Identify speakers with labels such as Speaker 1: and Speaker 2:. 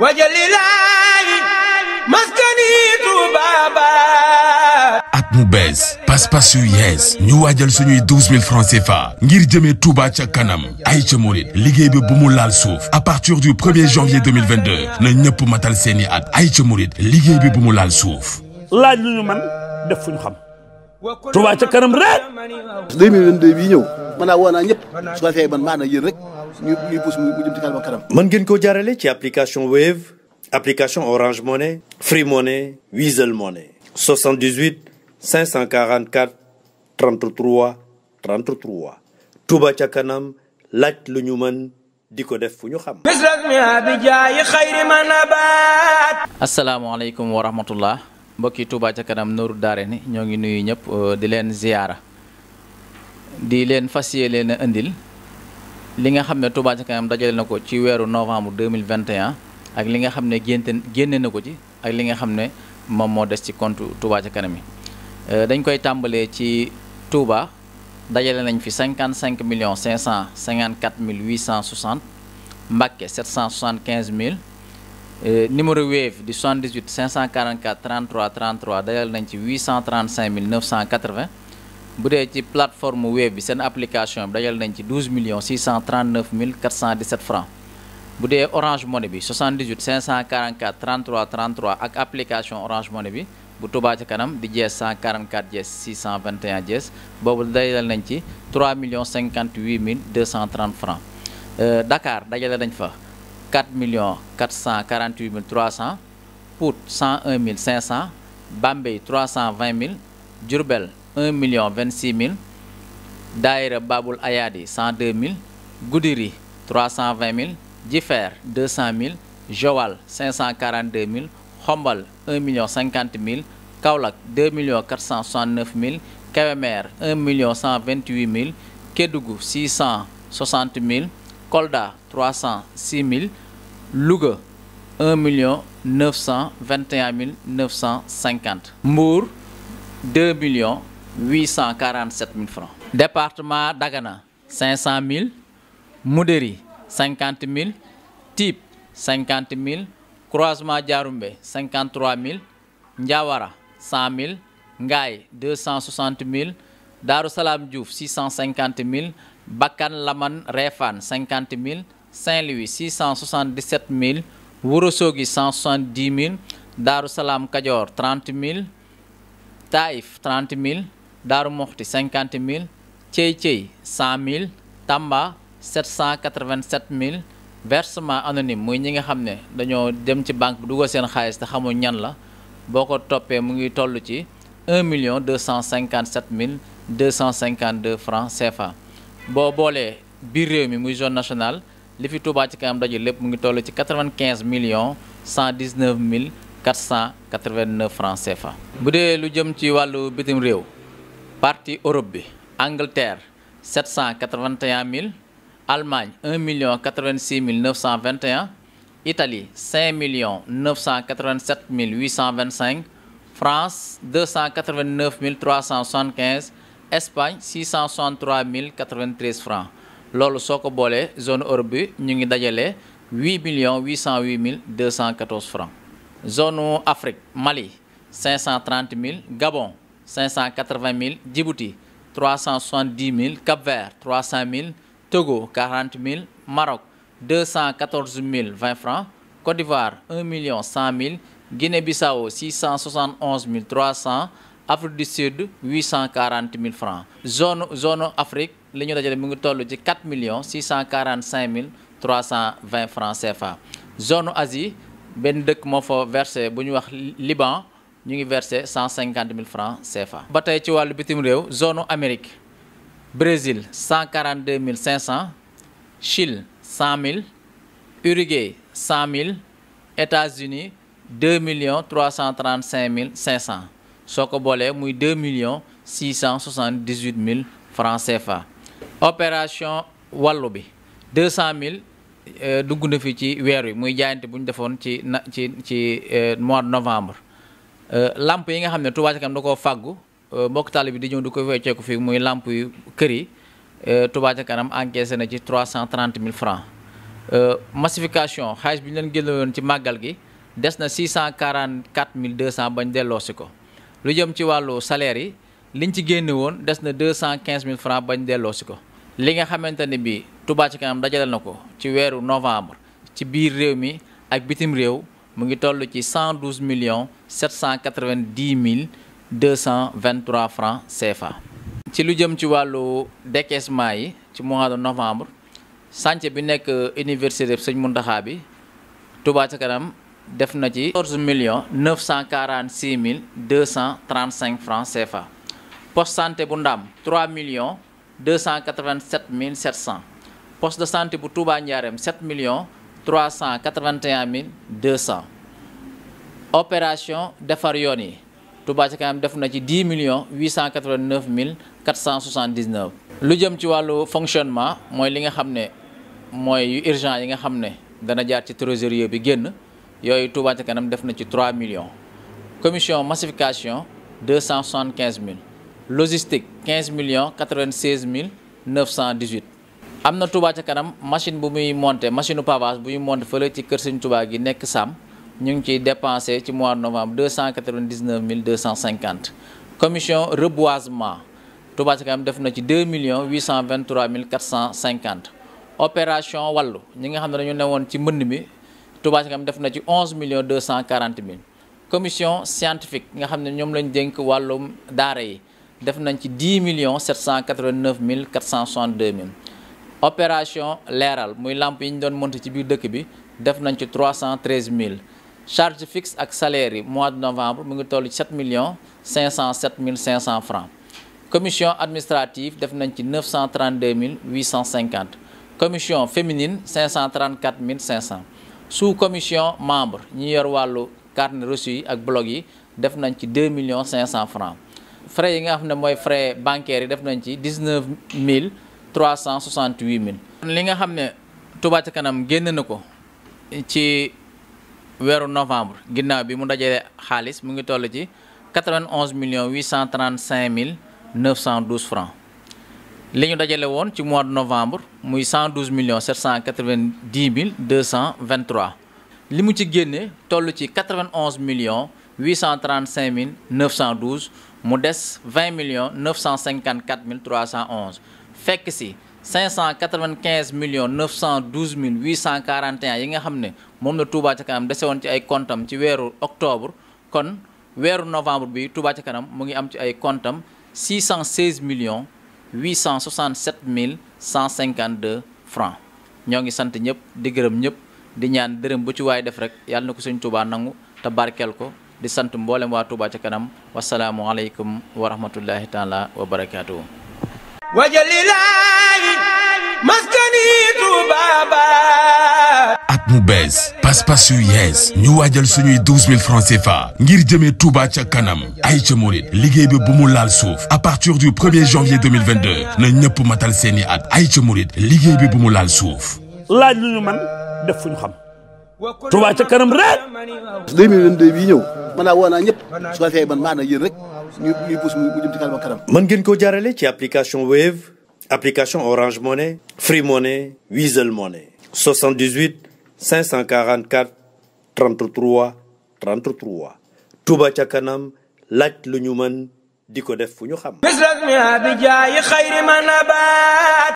Speaker 1: wajalilaayi maskani Tuubaa at mu bees pas-pas yu yees ñu waajal suñuy 12000 francs CFA ngir jëmee tubaa ca kanam ay ca murit liggéey bi bu mu laal suuf à partir du 1er janvier na ñëpp matal seeni at ay ca murit liggéey bi bu mu laal suuf laaj lu man def fu ñu xam tubaa ca kanam rek ñëpp man maa rek mën ngeen koo jaarale ci application Wave application Orange Money Free Money Wizall Money. 78 544 33 33 Touba ca kanam laaj lu ñu mën di ko def fu ñu xam. asalaamaaleykum wa rahmatullah mbokki Touba ca kanam Nooru Daarayni ñoo ngi nuyu ñëpp euh, di leen ziyaara di leen fas yéene leen a indil. li nga xam ne Touba ca kanam dajale na ko ci weeru novembre 2021 ak li nga xam ne génte génne na ko ci ak li nga xam ne moom moo des ci compte Touba ca kanam yi euh, dañ koy tàmbalee ci Touba dajale nañ fi 55 millions million mille 860 Mbacké 775 mille euh, numéro Wave di 78 544 33 33 dajale nañ ci 835 mille 980 bu dee ci plateforme web bi seen application bi dajal nañ ci 12 millions 639 mille 417 francs bu dee Orange Money bi 78 544 33 33 ak application Orange Money bi bu Touba ca kanam di jees 144 jees 621 jees boobu dajal nañ ci million millions 58 mille 230 francs euh, Dakar dajale nañ fa 4 millions 448 mille 300 cent 101 mille 500 Bambey 320 mille jurbel un million vingt six mille daayira Babul Ayaadi cent deux mille Goudiri trois cent vingt mille Jifeer deux cent mille Joal cinq cent quarante mille Xombal un million cinquante mille Kaolack deux millions quatre cent soixante neuf mille Kébémer un million cent vingt huit mille Kédougou six cent soixante mille Kolda trois cent six mille Louga un million neuf cent vingt mille neuf cent cinquante Mbour deux 847 000 francs département Dagana 500 000 Moudéry 50 000 Typ 50 000 croisement Diaroumbé 53 000 Ndiawara 100 000 Ngaye 260 000 Darou Salam Diouf 650 000 Bakkan Laman Refane 50 000 Saint-Louis 677 000 Ourossogui 170 000 Darou Salam Kadior 30 000 Taïf 30 000 Daaru Moxti cinquante mille Cey Cey cent mille Tamba sept cent quatre-vingt-sept mille versement anonyme muy ñi nga xam ne dañoo dem ci banque bi dugal seen xaalis te xamul ñan la boo ko toppee mu ngi toll ci un million deux cent cinquante-sept mille deux cent cinquante-deux francs CFA boo boolee biir réew mi muy zone nationale li fi Touba ci kanam daje lépp mu ngi toll ci quatre-vingt-quinze cent dix-neuf mille quatre cent quatre-vingt-neuf bu dee lu jëm ci wàllu bitim réew. partie Europe bi Angleterre sept cent quatre mille Allemagne un million quatre vingt mille neuf cent vingt et un Italie cinq millions neuf cent mille huit cent vingt cinq France deux cent quatre vingt neuf mille trois cent soixante Espagne six cent soixante mille quatre vingt loolu soo ko boolee zone Europe bi ñu ngi dajale huit millions huit cent huit mille deux cent quatorze francs zone Afrique Mali cinq cent trente mille Gabon. cinq cent quatre-vingt mille Djibouti trois cent soixante-dix mille Cap-Vert trois cent mille Togo quarante mille Maroc deux cent quatorze mille vingt francs Côte d'Ivoire un million cent mille Guinée-Bissau six cent soixante onze mille trois cents Afrique du Sud huit cent mille francs zone zone Afrique li ñu dajale mu ngi toll ci quatre millions six cent cinq cent vingt francs CFA zone Asie benn dëkk moo fa versé bu ñu wax Liban ñu ngi verse cent cinquante mille francs CFA. ba tey ci wàllu bitim réew zone Amérique Brésil cent quarante deux mille cinq cent Chili cent mille Uruguay cent mille États-Unis deux millions trois cent trente cinq mille cinq cent soo ko boolee muy deux millions six cent soixante dix huit mille francs CFA. opération wàllu bi deux cent mille euh, dugg na fi ci weer wi muy jaayante bu ñu defoon ci na ci ci euh, mois de novembre. Euh, lamp yi nga xam ne Touba Ca Kanam da ko fàggu euh, mbokk taali bi di ñëw di ko wecceeku fii muy lamp yu kër yi euh, Touba Ca Kanam encaissé na ci trois cent trente mille francs massification xaalis bi ñu leen génnewoon ci màggal gi des na six cent quarante quatre mille deux cent bañ delloosi ko lu jëm ci wàllu salaire yi liñ ci génne woon des na deux cent quinze mille francs bañ delloosi ko li nga xamante ne bii Touba Kanam dajale na ko ci weeru novembre ci biir réew mi ak bitim réew mu ngi toll ci cent douze millions sept cent quatre vingt mille deux cent vingt-trois francs CFA. ci lu jëm ci wàllu décaissement yi ci mois de novembre chantier bi nekk université Sëñ Muntaxa bi tubaa ca kanam def na ci quatorze millions neuf cent quarante-six mille deux cent trente-cinq francs CFA. poste santé bu Ndam trois millions deux cent quatre-vingt-sept mille cent. poste de santé bu Touba Ndiarème sept millions. 381 200 opération defar yoon yi Touba Ca Kanam def na ci 10 millions 889 mille 479 lu jëm ci wàllu fonctionnement mooy li nga xam ne mooy yu urgent yi nga xam ne dana jaar ci trésorier bi génn yooyu Touba Ca Kanam def na ci 3 millions commission massification 275 mille logistique 15 millions 96 mille 918 am na Touba kanam machine bu muy monter machine pavage bu muy monter fële ci kër Sëñ Touba gi nekk Sam ñu ngi ciy dépensé ci mois de novembre cent quatre-vingt-dix-neuf mille deux cent cinquante commission reboisement Touba def na ci deux millions huit cent vingt mille quatre cent cinquante opération wàllu ñi nga xam ne dañu woon ci mbënd mi Touba def na ci onze millions deux cent quarante mille commission scientifique nga xam ne ñoom lañ dénk wàllu daara yi def nañ ci dix millions sept cent quatre-vingt-neuf mille cent soixante-deux mille opération leeral muy làmp yi ñu doon monté ci biir dëkk bi def nañ ci trois cent treize mille charge fixe ak salaire yi mois de novembre mu ngi toll ci sept millions cinq cent mille cinq cent francs commission administrative def nañ ci neuf cent mille huit cent cinquante commission féminine cinq cent trente quatre mille cinq cent sous commission membre ñi yor wàllu carnet reçu yi ak blog yi def nañ ci deux millions cinq cent francs frais yi nga xam ne mooy frais bancaires yi def nañ ci dix neuf mille trois cent soixante huit mille. li nga xam ne Touba kanam génn na ko ci weeru novembre ginnaaw bi mu dajale xaalis mu ngi toll ci quatre vingt onze millions huit cent trente cinq mille neuf cent douze francs li ñu dajale woon ci mois de novembre muy cent douze millions sept cent quatre vingt dix mille deux cent vingt trois li mu ci génnee toll ci quatre vingt onze millions huit cent trente cinq mille neuf cent douze mu des vingt millions neuf cent cinquante quatre mille trois cent onze. fekk si 595 millions 912 mille 841 yi nga xam ne moom la Touba ca kanam dese woon ci ay comptam ci weeru octobre kon weeru novembre bi Touba ca kanam mu ngi am ci ay comptam 616 millions 867 mille 152 francs ñoo ngi sant ñëpp di gërëm ñëpp di ñaan dërëm bu ci waay def rek yàlla na ko Sëñ Touba nangu te barkeel ko di sant mboolem waa Touba ca kanam wasalaamualeykum wa rahmatullahi taala wa barakaatuhu wajalilaayi maskani Tuubaa at mu bees pas-pas yu yees ñu waajal suñuy 12000 francs fa ngir jëmee Touba ca kanam ay ca murit liggéey bi bu mu laal suuf à partir du 1er janvier na ñëpp matal seeni at ay ca murit liggéey bi bu mu laal suuf laaj lu ñu man def fu ñu xam Touba ca kanam rek 2022 bi ñëw man naa woo ñëpp su ko fee man maa na yéen rek ñu ñuy pousse mu jëm ci kanam application kanam. mën ngeen koo jaarale ci application Wave application Orange Money Free Money Wizall Money. 78 544 33 33 Touba ca kanam laaj lu ñu mën di ko def fu ñu xam.